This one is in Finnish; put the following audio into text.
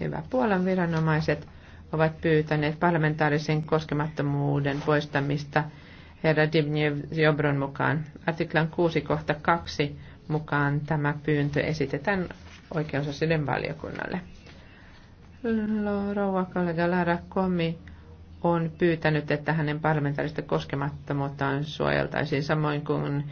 hyvä. Puolan viranomaiset ovat pyytäneet parlamentaarisen koskemattomuuden poistamista herra Dibnjev Jobron mukaan. Artiklan 6 kohta 2 mukaan tämä pyyntö esitetään oikeusasioiden valiokunnalle. Rouva kollega Lara Komi on pyytänyt, että hänen parlamentaarista koskemattomuuttaan suojeltaisiin samoin kuin